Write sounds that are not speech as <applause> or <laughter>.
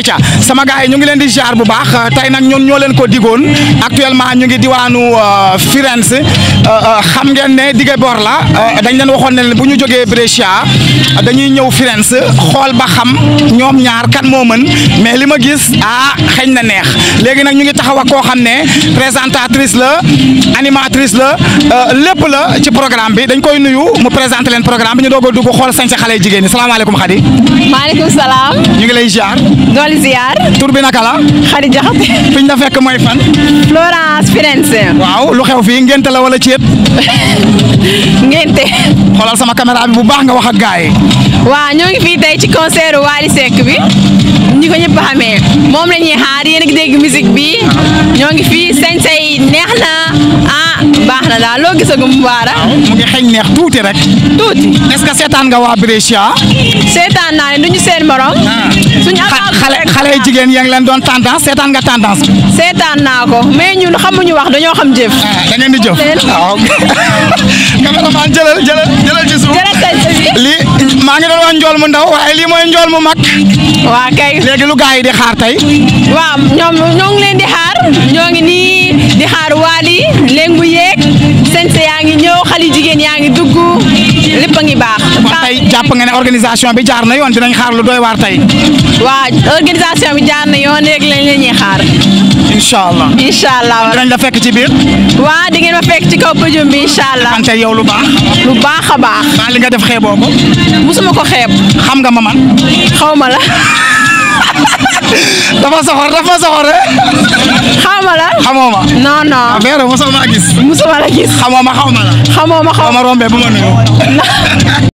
ayca sama gaay ñu ngi leen di jaar bu baax tey nag ñun ñoo leen ko digoon actuellement ñu ngi diwaanu euh, Firenze euh, euh, xam ngeen ne dige bor la dañ leen waxoon ne bu ñu jógee Brescia dañuy ñëw Firenze xool ba xam ñoom ñaar kan moo mën mais li gis ah xeeñ na neex léegi nag ñu ngi taxaw ak koo xam ne présentatrice la animatrice la lépp la ci programme bi dañ koy nuyu mu présenté leen programme bi ñu doog a dugg xool sañ sa xale jigéen ñi salaamaaleykum Khady. maaleykum ñu ngi lay jaar. dellu ziar. tur bi naka la. xari jaxate. fiñ la fekk mooy fan. Florence Firenze. waaw lu xew fii ngénte la wala ceet. <laughs> ngénte. xoolal sama caméra bi bu baax nga wax ak gars yi. waaw ñoo fii tey ci concert Wally Seck bi. ñi ngi bi ah. fii sañ na daal loo gisagum Mbaara. waaw mu ngi xeeñ neex tuuti rek. tuuti est-ce que seetaan nga waa Brescia. seetaan naa ne du ñu seen morom. Ah. suñu amal xale xale jigéen yaa ngi leen doon tendance seetaan nga tendance. seetaan naa ko mais ñun xamuñu wax dañoo xam jëf. Ah, da ngeen di jëf waaw. Ah, cameraman <laughs> jëlal jëlal jëlal ci suuf. lii maa ngi doon wax njool mu ndaw waaye lii mooy njool mu mag. waa kay léegi lu gars di xaar tey. waaw ñoom ñoo ngi leen di xaar ñoo ngi xale jigéen yaa ngi dugg lépp a ngi baax. tey jàpp nga ne organisation bi jaar na yoon dinañ xaar lu doy waar tey. waaw organisation bi jaar na yoon rek lañ la ñuy xaar. incha allah incha allah. dinañ la fekk ci biir. waa di ngeen ma fekk ci kaw pëjum bi incha allah. wante yow lu baax. lu baax a baax. li nga def xeeboo ko. musuma ko xeeb. xam nga ma man. ma la. dafa soxor dafa soxor de. Eh? xawma la. xamoo ma. non non. Ah, mais nag mosuma gis. mosuma la gis. xamoo ma xaw ma la. xamoo ma xaw ma rombe bu ma nuyu.